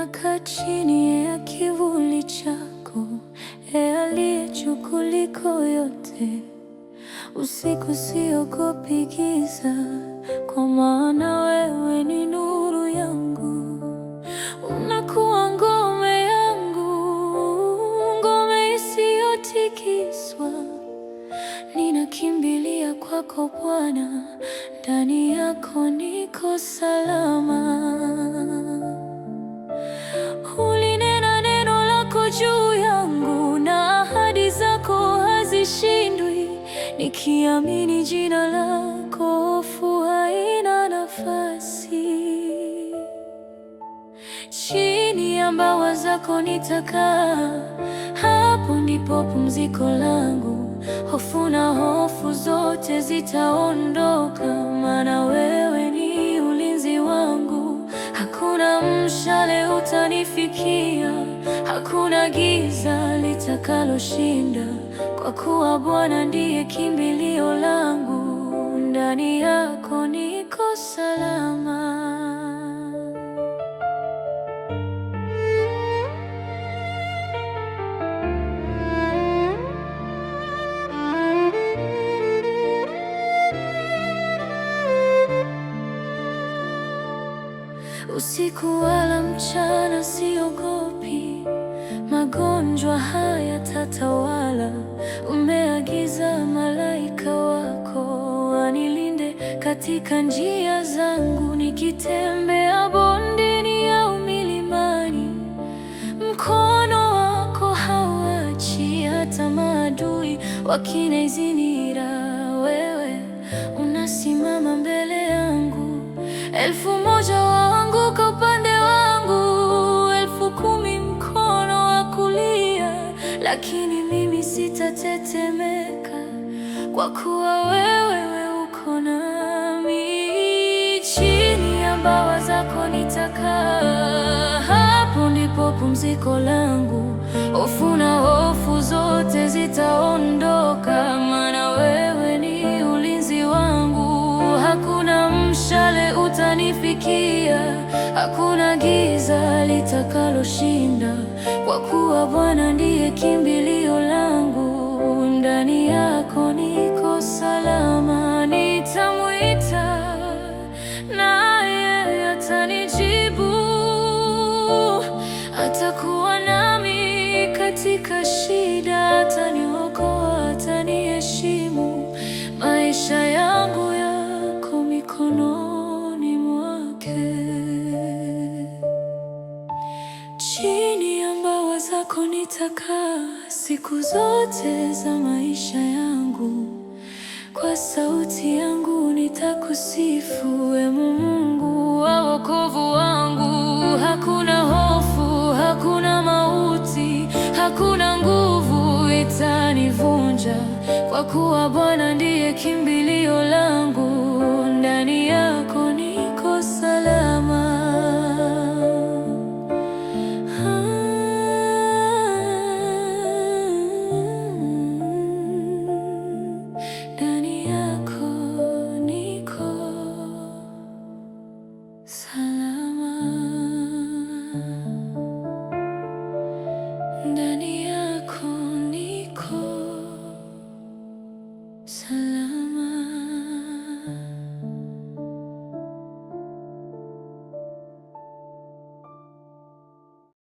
nakaa chini ya kivuli chako, e aliye juu kuliko yote. Usiku siogopi giza, kwa maana wewe ni nuru yangu, unakuwa ngome yangu, ngome isiyotikiswa. Ninakimbilia kwako Bwana, ndani yako niko salama. juu yangu na ahadi zako hazishindwi, nikiamini jina lako hofu haina nafasi. Chini ya mbawa zako nitakaa, hapo ndipo pumziko langu. Hofu na hofu zote zitaondoka, maana wewe ni ulinzi wangu. Hakuna mshale utanifikia Hakuna giza litakaloshinda, kwa kuwa Bwana ndiye kimbilio langu, ndani yako niko salama. Usiku wala mchana siogopi magonjwa hayatatawala. Umeagiza malaika wako wanilinde katika njia zangu, nikitembea bondeni au milimani, mkono wako hauachi hata maadui wakinizini lakini mimi sitatetemeka, kwa kuwa wewe uko nami. Chini ya mbawa zako nitakaa, hapo ndipo pumziko langu. Hofu na hofu zote zitaondoka, maana wewe ni ulinzi wangu. Hakuna mshale utanifikia, hakuna giza litakaloshinda, kwa kuwa Bwana ndiye nitakaa siku zote za maisha yangu, kwa sauti yangu nitakusifu, e Mungu wa wokovu wangu. Hakuna hofu, hakuna mauti, hakuna nguvu itanivunja, kwa kuwa Bwana ndiye kimbilio langu.